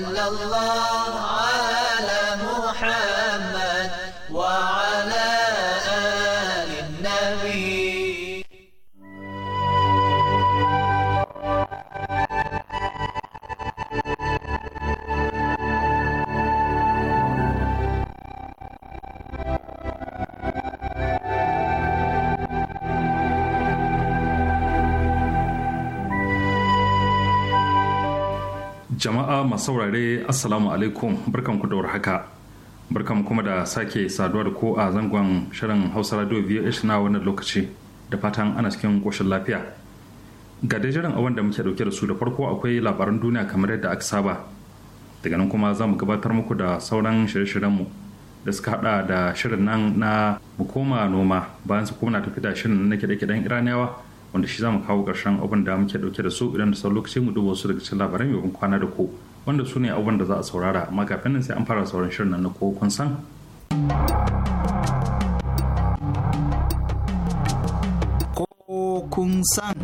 sallallahu jama'a masu saurare assalamu alaikum barkan ku da warhaka barkan kuma da sake saduwa da ko a zangon shirin hausa radio vh na wannan lokaci da fatan ana cikin koshin lafiya ga dai jiran awan da muke dauke da su da farko akwai labaran duniya kamar yadda aka saba daga nan kuma za mu gabatar muku da sauran shirye-shiryenmu shiryen da suka hada da shirin nan na mu koma noma bayan su kuma na tafi da shirin na kide-kiden iraniyawa wanda shi zamu kawo ƙarshen abin da muke ɗauke da su idan da lokacin lokaci mu duba wasu daga cikin labaran mai kwana da ku wanda su ne abin da za a saurara amma kafin nan sai an fara sauran shirin nan na ko kun san. Ko kun san.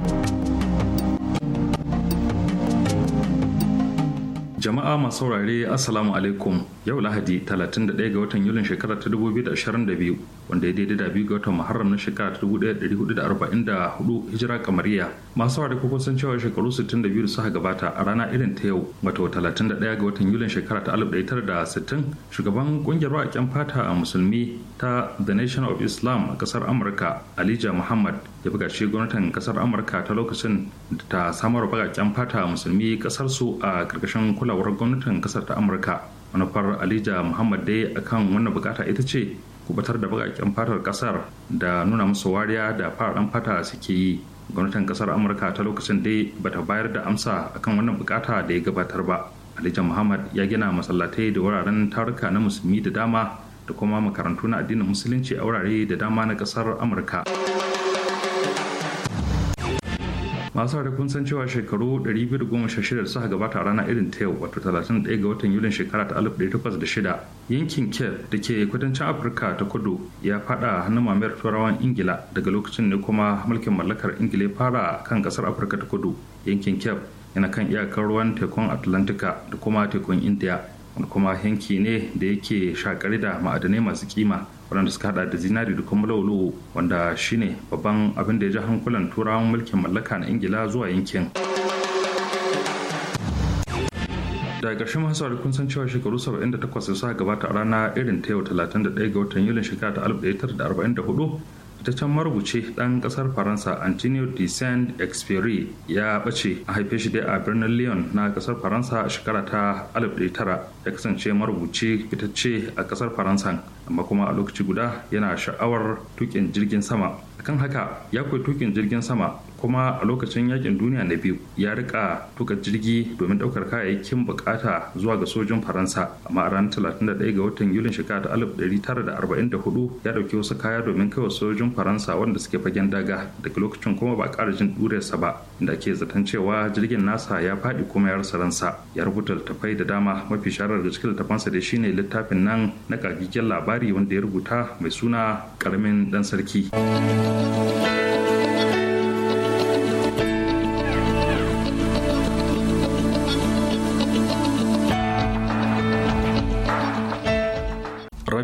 Jama'a masu saurare Assalamu alaikum yau lahadi 31 ga watan yulin shekara ta 2022 wanda ya daidai da biyu ga watan muharram na shekara ta 1444 hijira kamariya masu ware kuka san cewa shekaru 62 da suka gabata a rana irin ta yau wato 31 ga watan yulin shekara ta 1960 shugaban kungiyar waƙen fata a musulmi ta the nation of islam a kasar amurka alija muhammad ya buga shi gwamnatin kasar amurka ta lokacin da ta samar baƙaƙen fata musulmi kasar su a ƙarƙashin kulawar gwamnatin kasar ta amurka manufar alija muhammad dai akan wannan bukata ita ce kubatar da bakaken fatar kasar da nuna musu wariya da fararen fata suke yi gwamnatin kasar amurka ta lokacin dai bata bayar da amsa akan wannan bukata da ya gabatar ba alija muhammad ya gina masallatai da wuraren taruka na musulmi da dama da kuma makarantu na addinin musulunci a wurare da dama na kasar amurka masu haure kun san cewa shekaru 216 suka gabata a rana irin ta yau wato 31 ga watan yulin shekara ta 1806 yankin cape da ke kudancin afirka ta kudu ya fada hannun mamayar turawan ingila daga lokacin ne kuma mulkin mallakar ingila fara kan kasar afirka ta kudu yankin cape yana kan iyakar ruwan tekun atlantika da kuma tekun india wanda kuma yanki ne da yake shakari da ma'adanai masu kima waɗanda suka hada da zinari da kuma laulu wanda shine babban abin da ya ji hankulan turawan mulkin mallaka na ingila zuwa yankin da ƙarshen masu saurari kun san cewa shekaru 78 suka gabata a rana irin ta yau 31 ga watan yulin shekara ta 1944 fitaccen marubuci ɗan ƙasar faransa antonio de saint exupéry ya ɓace a haife shi dai a birnin lyon na ƙasar faransa a shekara ta 1900 ya kasance marubuci fitacce a ƙasar faransa amma kuma a lokaci guda yana sha'awar tukin jirgin sama akan haka ya koyi tukin jirgin sama kuma a lokacin yakin duniya na biyu ya rika tuka jirgi domin daukar kayayyakin bukata zuwa ga sojin faransa amma a ranar 31 ga watan yulin shekara ta 1944 ya dauki wasu kaya domin kaiwa sojin faransa wanda suke fagen daga daga lokacin kuma ba ƙara jin sa ba inda ake zaton cewa jirgin nasa ya faɗi kuma ya rasa ransa ya rubuta littattafai da dama mafi sharar da cikin littafansa da shine littafin nan na kagigen labari wanda ya rubuta mai suna karamin ɗan sarki.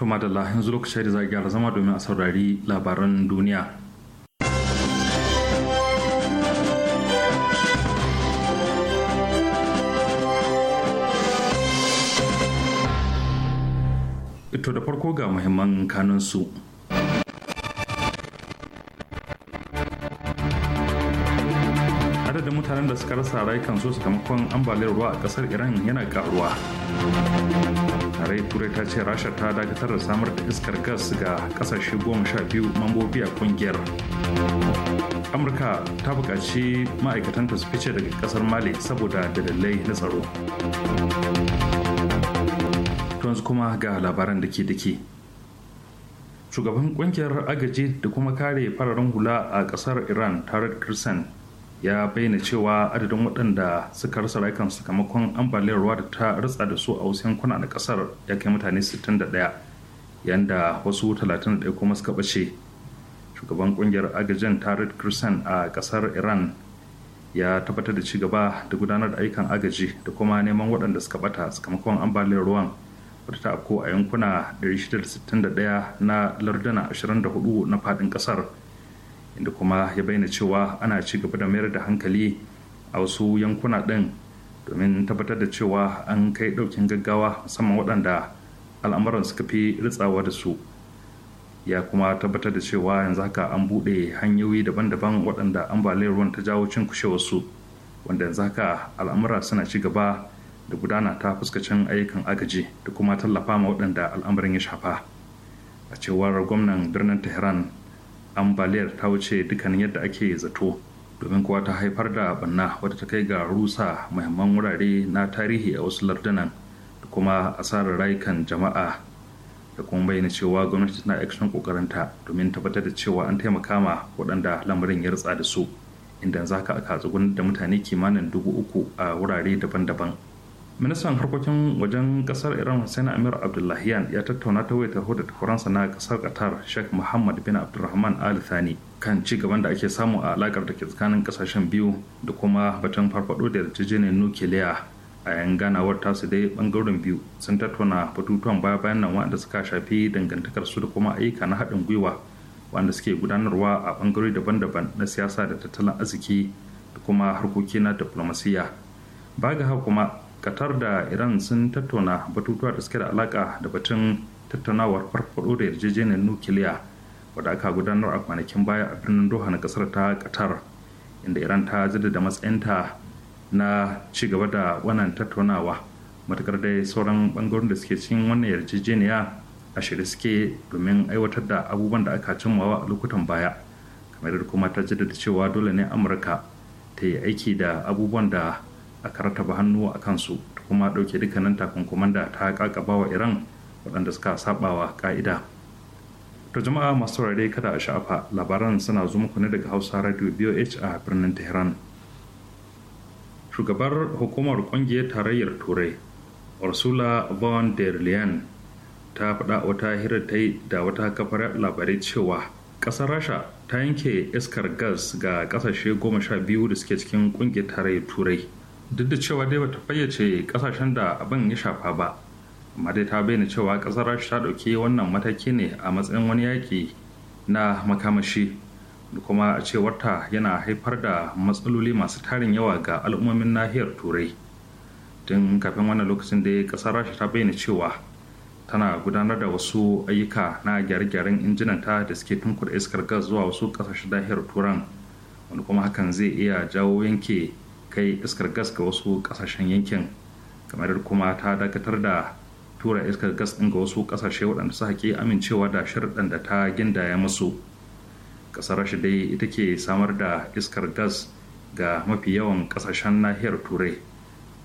To madalla yanzu lokacin da za gyara zama domin a saurari labaran duniya. Ito da farko ga muhimman kanunsu. Adadin mutanen da suka rasa rayukansu sakamakon ambaliyar ruwa a ƙasar Iran yana ƙaruwa. tarayyar turai ta ce rasha ta dakatar da samar da iskar gas ga kasashe goma sha biyu mambobi a kungiyar amurka ta buƙaci ma'aikatanta su fice daga ƙasar mali saboda dalilai na tsaro yanzu kuma ga labaran da ke dake shugaban kungiyar agaji da kuma kare fararen hula a ƙasar iran tare da kirsan ya bayyana cewa adadin waɗanda suka rasa rayukan sakamakon ambaliyar ruwa da ta ritsa da su a wasu yankuna na kasar ya kai mutane 61 yanda wasu 31 kuma suka bace shugaban ƙungiyar agajin tarid kirsan a ƙasar iran ya tabbatar da cigaba da gudanar da ayyukan agaji da kuma neman waɗanda suka bata sakamakon ambaliyar ruwan wata ta afko a yankuna 661 na lardana 24 na faɗin ƙasar inda kuma ya bayyana cewa ana ci gaba da mayar da hankali a wasu yankuna ɗin domin tabbatar da cewa an kai ɗaukin gaggawa musamman waɗanda al'amuran suka fi ritsawa da su ya kuma tabbatar da cewa yanzu haka an buɗe hanyoyi daban-daban waɗanda ambaliyar ruwan ta jawo cin su wanda yanzu haka al'amura suna ci gaba da gudana ta fuskacin ayyukan agaji da kuma tallafa ma waɗanda al'amarin ya shafa a cewar gwamnan birnin tehran ambaliyar ta wuce dukkanin yadda ake zato domin kuwa ta haifar da banna wadda ta kai ga rusa muhimman wurare na tarihi a wasu lardunan da kuma asarar rayukan jama'a da kuma bayyana cewa gwamnati tana action kokarinta domin tabbatar da cewa an taimaka ma waɗanda lamarin ya rutsa da su inda za ka aka tsugunar da mutane kimanin dubu uku a wurare daban-daban ministan harkokin wajen kasar iran hussein amir abdullahiyan ya tattauna ta wayar da takwaransa na kasar qatar sheikh muhammad bin abdulrahman al thani kan ci gaban da ake samu a alakar da ke tsakanin kasashen biyu da kuma batun farfado da yarjejeniyar nukiliya a yan ganawar tasu dai bangaren biyu sun tattauna batutuwan baya bayan nan wanda suka shafi dangantakar su da kuma ayyuka na haɗin gwiwa wanda suke gudanarwa a bangarori daban-daban na siyasa da tattalin arziki da kuma harkoki na diplomasiya baga haka kuma qatar da iran sun tattauna batutuwa da suke da alaka da batun tattaunawar farfado da yarjejeniyar nukiliya wadda aka gudanar a kwanakin baya a birnin doha na kasar ta qatar inda iran ta jaddada matsayinta na ci gaba da wannan tattaunawa matukar dai sauran bangaren da suke cikin wannan yarjejeniya a shirye suke domin aiwatar da abubuwan da aka cimma a lokutan baya kamar da kuma ta jaddada cewa dole ne amurka ta yi aiki da abubuwan da a aka ba hannu a kansu da kuma ɗauke dukkanin takunkuman da ta kakaba wa iran waɗanda suka sabawa ka'ida to jama'a masu saurare kada a sha'afa labaran suna zo muku ne daga hausa radio boh a birnin tehran shugabar hukumar kungiyar tarayyar turai ursula von der leyen ta faɗa wata hira ta yi da wata kafar labarai cewa ƙasar rasha ta yanke iskar gas ga ƙasashe goma sha biyu da suke cikin kungiyar tarayyar turai duk da cewa dai bata fayyace kasashen da abin ya shafa ba amma dai ta bayyana cewa kasar rasha ta ɗauki wannan mataki ne a matsayin wani yaki na makamashi da kuma a cewar ta yana haifar da matsaloli masu tarin yawa ga al'ummomin nahiyar turai tun kafin wannan lokacin da kasar rasha ta bayyana cewa tana gudanar da wasu ayyuka na gyare-gyaren injinanta da suke tunkuɗa iskar gas zuwa wasu kasashen nahiyar turan wani kuma hakan zai iya jawo yanke kai iskar gas ga wasu kasashen yankin kamar kuma ta dakatar da tura iskar gas ɗin ga wasu kasashe waɗanda su haƙi amincewa da sharɗan da ta gindaya musu ƙasar rasha dai ita ke samar da iskar gas ga mafi yawan kasashen nahiyar turai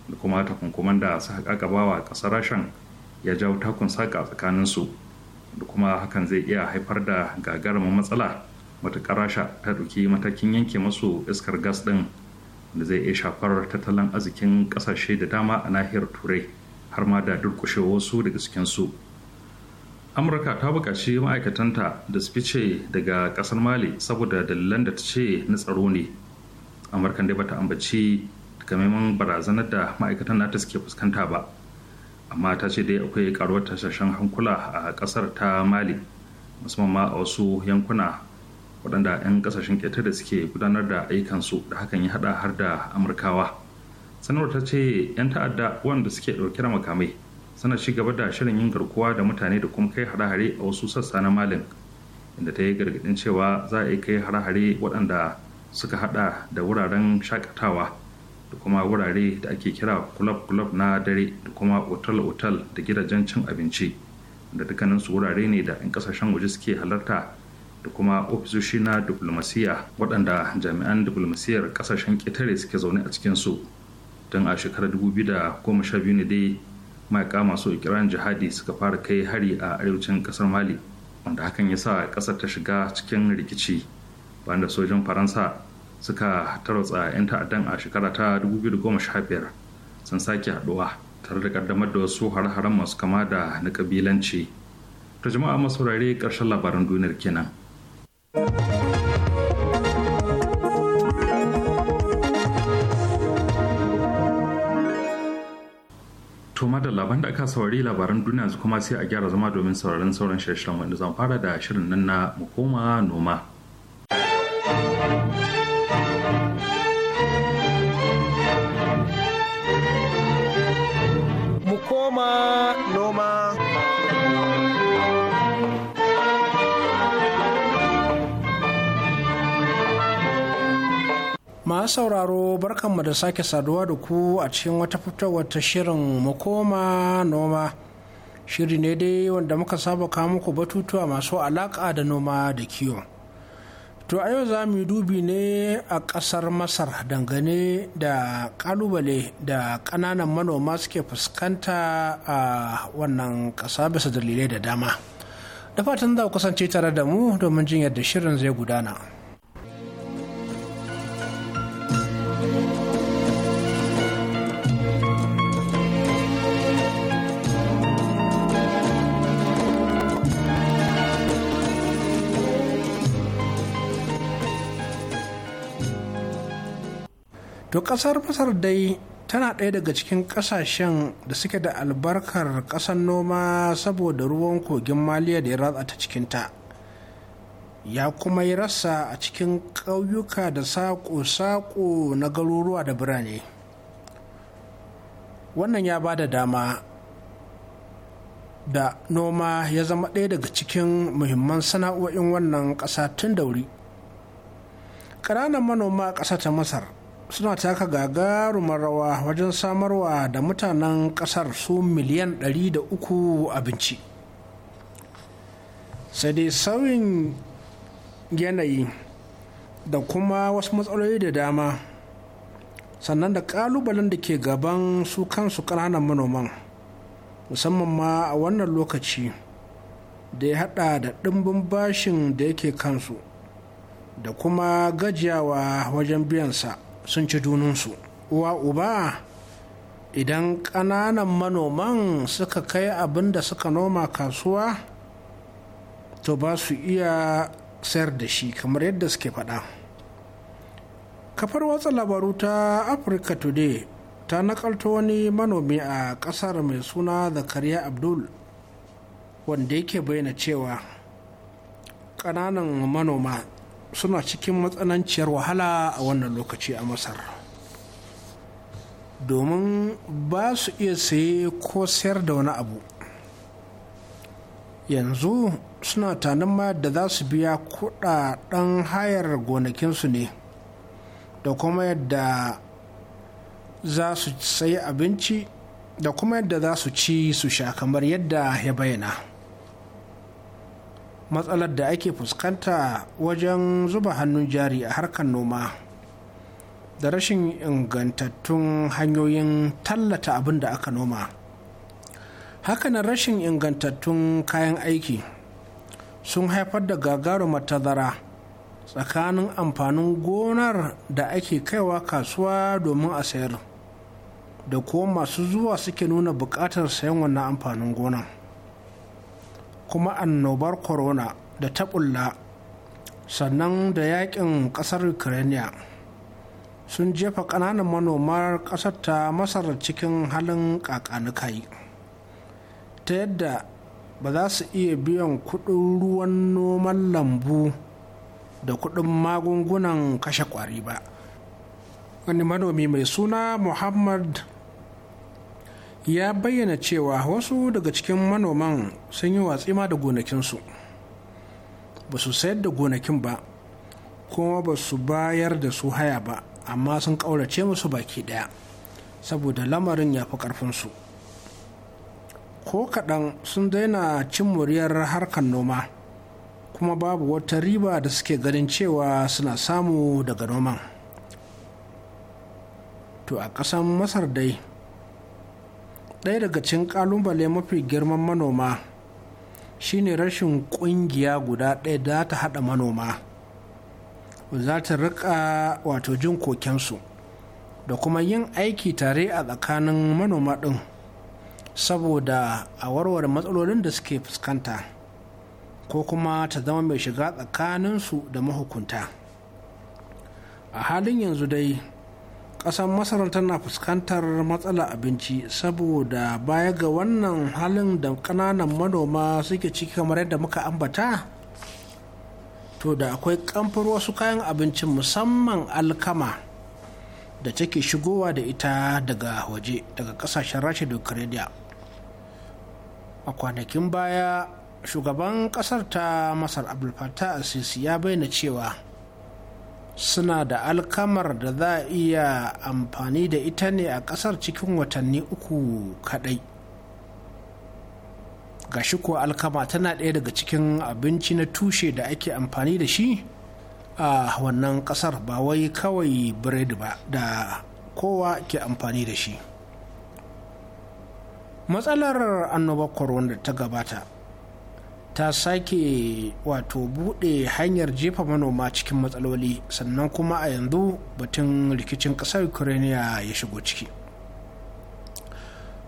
da kuma takunkuman da su wa ƙasar rashan ya jawo takun saƙa tsakaninsu da kuma hakan zai iya haifar da gagarumin matsala matuƙar rasha ta ɗauki matakin yanke masu iskar gas ɗin da zai iya shafar tattalin arzikin kasashe da dama a nahiyar turai har ma da durkushe wasu daga su. amurka ta bukaci ma'aikatanta da su fice daga ƙasar mali saboda dalilan da ta ce na tsaro ne amurka dai bata ambaci takamaiman barazanar da ma'aikatan nata suke fuskanta ba amma ta ce dai akwai karuwar tashashen hankula a ƙasar ta mali musamman ma a wasu yankuna waɗanda 'yan ƙasashen da suke gudanar da ayyukansu da hakan ya haɗa har da amurkawa sanarwar ta ce 'yan ta'adda wanda suke ɗauke da makamai sana ci gaba da shirin yin garkuwa da mutane da kuma kai hare-hare a wasu sassa na malin inda ta yi gargaɗin cewa za a yi kai hare-hare waɗanda suka haɗa da wuraren shakatawa da kuma wurare da ake kira kulab-kulab na dare da kuma otal-otal da gidajen cin abinci da dukkaninsu wurare ne da 'yan kasashen waje suke halarta da kuma ofisoshi na diplomasiya waɗanda jami'an diplomasiyar ƙasashen ƙetare suke zaune a cikin su don a shekarar 2012 ne dai mayaka masu ikiran jihadi suka fara kai hari a arewacin ƙasar mali wanda hakan ya sa ƙasar ta shiga cikin rikici bayan da sojin faransa suka tarwatsa 'yan ta'addan a shekara ta 2015 sun sake haɗuwa tare da ƙaddamar da wasu hare-haren masu kama da na ƙabilanci ta jama'a masaurare ƙarshen labaran duniyar kenan. Tuma da labaran da aka saurari labaran duniya su kuma sai a gyara zama domin sauraron sauran shirye-shiryen wanda zan fara da shirin nan na mu koma noma. masu sauraro barkanmu da sake saduwa da ku a cikin wata fitowar ta shirin makoma noma shiri ne dai wanda muka saba kawo muku batutuwa masu alaƙa da noma da kiwo to a yau za mu yi dubi ne a ƙasar masar dangane da ƙalubale da ƙananan manoma suke fuskanta a wannan ƙasa bisa dalilai da dama da fatan za ku kasance tare da mu domin jin yadda shirin zai gudana. to ƙasar masar dai tana ɗaya daga cikin ƙasashen da suke da albarkar ƙasar noma saboda ruwan kogin maliya da ya ratsa ta cikinta ya kuma yi rasa a cikin ƙauyuka da saƙo-saƙo na garuruwa da birane wannan ya ba da dama da noma ya zama ɗaya daga cikin muhimman sana'o'in wannan ƙasa tun da wuri ƙananan manoma a ƙasa ta masar suna taka gagarumar rawa wajen samarwa da mutanen kasar su miliyan 300 abinci sai dai sauyin yanayi da kuma wasu matsaloli da dama sannan da kalubalen da ke gaban su kansu kananan manoman musamman ma a wannan lokaci da ya hada da ɗimbin bashin da yake kansu da kuma gajiyawa wajen biyansa sun ci dununsu uwa uba idan ƙananan manoman suka kai abin da suka noma kasuwa to ba su iya sayar da shi kamar yadda suke faɗa kafar watsa labaru ta africa today ta nakalto wani manomi a ƙasar mai suna zakariya abdul wanda yake bayyana cewa ƙananan manoma suna cikin matsananciyar wahala a wannan lokaci a masar domin ba su iya saye ko sayar da wani abu yanzu suna tanan ma da za su biya kudaden hayar gonakinsu ne da kuma yadda za su sayi abinci da kuma yadda za su ci su sha kamar yadda ya bayyana. matsalar da ake fuskanta wajen zuba hannun jari a harkar noma da rashin ingantattun hanyoyin tallata abin da aka noma hakanan rashin ingantattun kayan aiki sun haifar da gagarumar tazara tsakanin amfanin gonar da ake kaiwa kasuwa domin a sayar da kuma masu zuwa suke nuna bukatar sayan wannan amfanin gonar kuma annobar corona da ta ɓulla sannan da yakin ƙasar ukraine sun jefa ƙananan manomar ƙasar ta masar cikin halin ƙaƙanukai ta yadda ba za su iya biyan kuɗin ruwan noman lambu da kuɗin magungunan kashe ƙwari ba wani manomi mai suna muhammad ya bayyana cewa wasu daga cikin manoman sun yi watsi ma da gonakinsu ba su sayar da gonakin ba kuma ba su bayar da su haya ba amma sun ƙaurace musu baki ɗaya saboda lamarin ya fi ƙarfinsu ko kaɗan sun daina cin muryar harkar noma kuma babu wata riba da suke ganin cewa suna samu daga noman to a ƙasan masar dai ɗaya daga cikin ƙalubale mafi girman manoma shine rashin ƙungiya guda ɗaya da ta haɗa manoma za ta riƙa wato jin kokensu da kuma yin aiki tare a tsakanin manoma ɗin saboda a warware matsalolin da suke fuskanta ko kuma ta zama mai shiga tsakaninsu da mahukunta a halin yanzu dai ƙasar masar tana fuskantar matsala abinci saboda baya ga wannan halin da ƙananan manoma suke ciki kamar yadda muka ambata to da akwai kamfar wasu kayan abincin musamman alkama da take shigowa da ita daga waje daga ƙasashen rasha da ukraine a kwanakin baya shugaban ƙasar ta masar abdulfatah asisi ya bayyana cewa suna da alkamar da za a iya amfani da ita ne a ƙasar cikin watanni uku kaɗai gashi ko alkama tana ɗaya daga cikin abinci na tushe da ake amfani da shi a wannan ƙasar ba wai kawai biredi ba da kowa ke amfani da shi matsalar annobar da ta gabata ta sake wato buɗe hanyar jefa manoma cikin matsaloli sannan kuma a yanzu batun rikicin ƙasar ukraine ya shigo ciki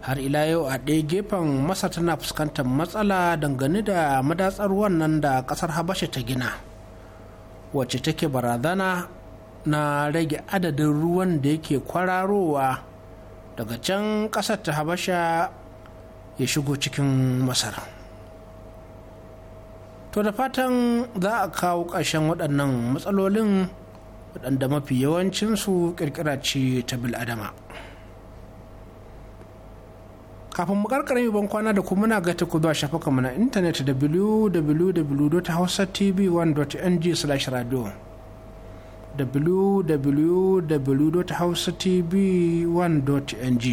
har ila yau a ɗaya gefen masar tana fuskantar matsala dangane da madatsar wannan da ƙasar habasha ta gina wacce take barazana na rage adadin ruwan da yake kwararowa daga can ƙasar ta habasha ya shigo cikin masar. to da fatan za a kawo ƙarshen waɗannan matsalolin waɗanda mafi yawancinsu ƙirƙira ce ta bil'adama kafin mu ƙarƙar ban kwana da kuma na gata ku zuwa shafuka mana intanet www.hausatv1.ng/radio www.hausatv1.ng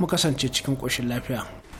mu kasance cikin ƙoshin lafiya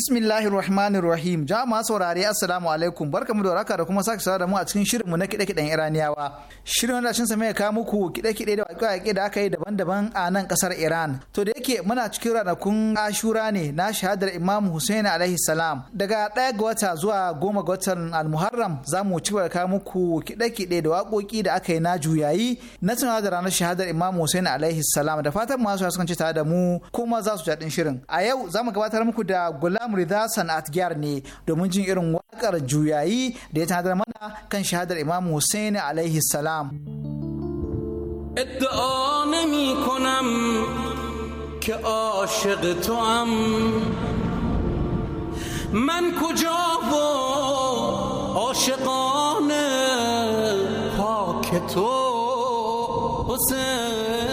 bismillahirrahmanirrahim Rahmanir Jama'a saurare Assalamu alaikum. Barkamu da waraka da kuma sake da mu a cikin mu na kide-kiden Iraniyawa. Shirin wannan shin mai kawo muku kide-kide da waƙe-waƙe da aka yi daban-daban a nan kasar Iran. To da yake muna cikin ranakun Ashura ne na shahadar Imam Hussein alaihi salam. Daga ɗaya ga wata zuwa goma ga watan Al-Muharram za mu ci kawo muku kide-kide da waƙoƙi da aka yi na juyayi na tunawa da ranar shahadar Imam Hussein alaihi salam. Da fatan masu sukan ci tare da mu kuma za su jaɗin shirin. A yau za mu gabatar muku da gulam murida Rida sana'atgar ne domin jin irin wakar juyayi da ya tanadar mana kan shahadar Imam Hussein alaihi salam. ادعا نمی کنم که عاشق تو هم من کجا و عاشقان پاک تو حسین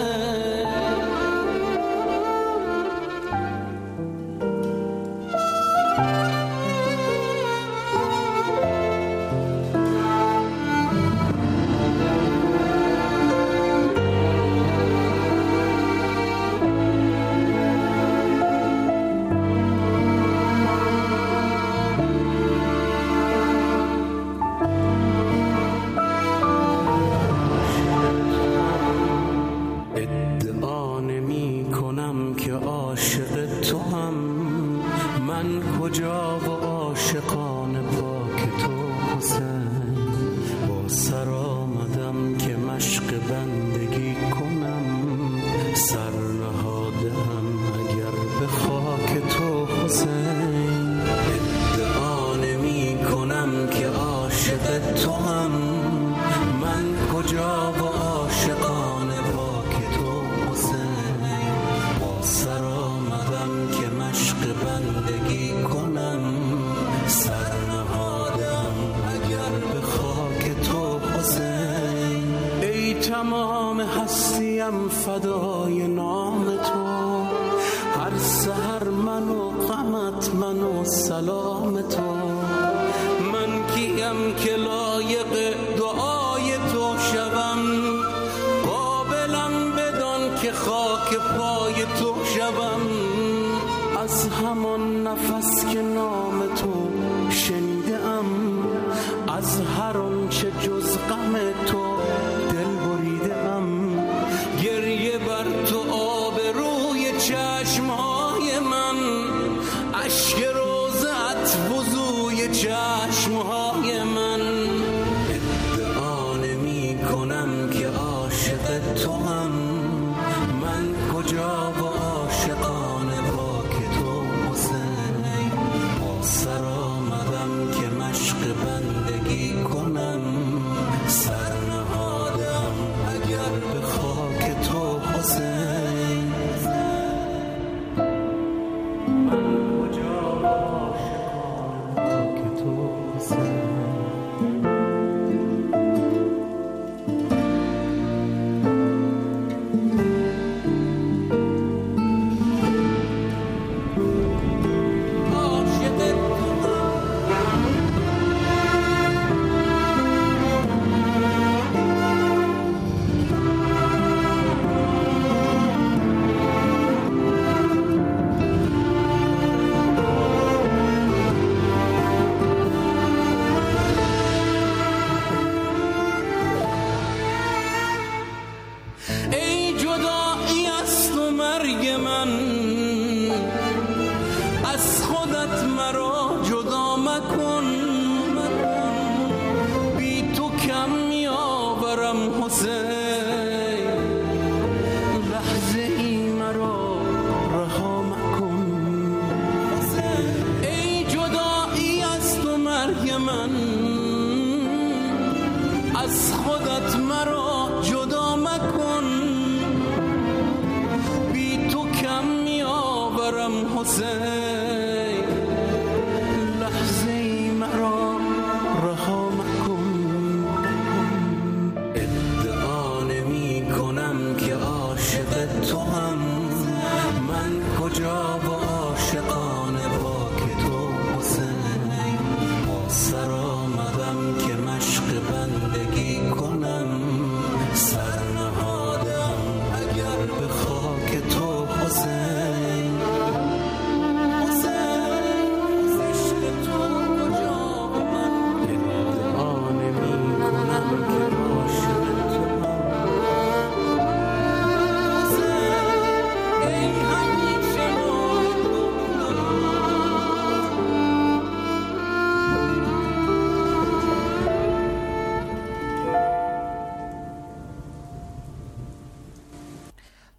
Josh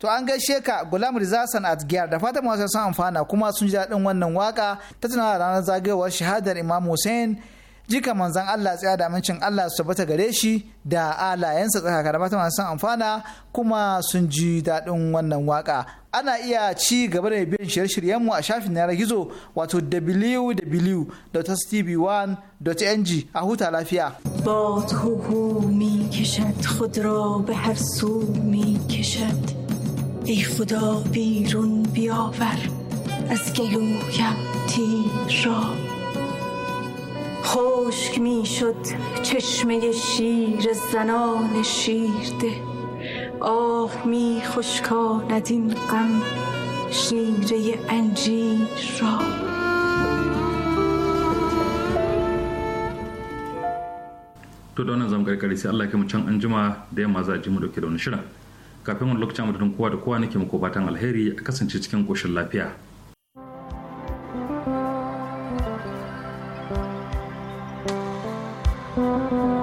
To an gaishe ka Gulam Rizasan Atgiyar da fatan masu sun amfana kuma sun ji daɗin wannan waka ta tunawa ranar zagayowar shahadar Imam Hussein jika manzan Allah tsaya da amincin Allah su tabbata gare shi da alayensa tsakaka da fatan masu amfana kuma sun ji daɗin wannan waka. Ana iya ci gaba da biyan shirye-shiryenmu a shafin yanar gizo wato www.tv1.ng a huta lafiya. باد هو می کشد خود را به هر سو می ای خدا بیرون بیاور از گلویم تیر را خشک می شد چشمه شیر زنان شیرده آه می خشکاند این غم شیره انجیر را to da wannan zamu sai Allah ya kai mu can kafin wani lokacin madadin kowa da kowa nake muku fatan alheri a kasance cikin koshin lafiya thank you